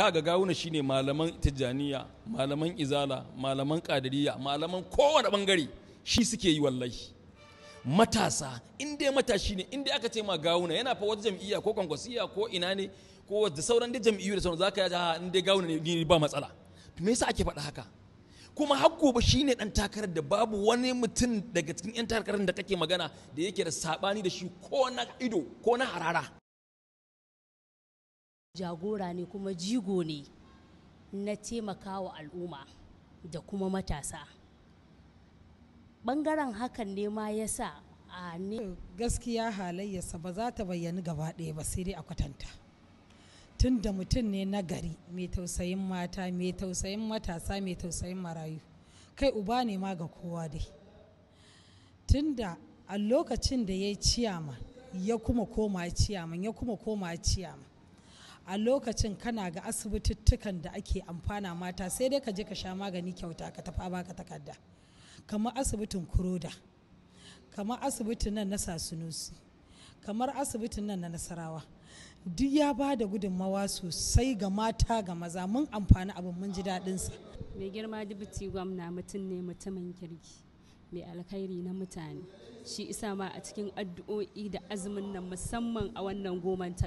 ka ga gawuna shine malaman tijjaniya malaman izala malaman kadiriya malaman kowane bangare shi suke yi wallahi matasa in dai matashi ne inda aka ce ma gawuna yana fa wata jam'iyya ko kwankwasiya ko ina ne ko da sauran da jam'iyyu da sauran ka yaji ha in gawuna ne ni ba matsala me yasa ake faɗa haka kuma har gobe ne dan takarar da babu wani mutum daga cikin yan takarar da kake magana da yake da sabani da shi ko na ido ko na harara jagora ne kuma jigo ne na taimakawa al'umma da kuma matasa ɓangaren hakan ne ma ya sa a ne gaskiya halayyarsa ba za ta bayyani gaba ɗaya ba sai dai a kwatanta tun da mutum ne na gari mai tausayin mata mai tausayin matasa mai tausayin marayu kai uba ne ma ga kowa dai tun da a lokacin da ya yi ciyama ya kuma koma ciyama ya kuma koma ciyama a lokacin kana ga asibitittukan da ake amfana mata sai dai ka je ka sha magani kyauta ka tafa baka takarda kamar asibitin kuroda kamar asibitin nan na sasunusi kamar asibitin nan na nasarawa duk ya ba da gudunmawa sosai ga mata ga maza mun amfani abin mun ji daɗinsa mai girma dubuti gwamna mutum ne mutumin kirki mai alkhairi na mutane shi isa ma a cikin addu'o'i da azumin nan musamman a wannan goman ta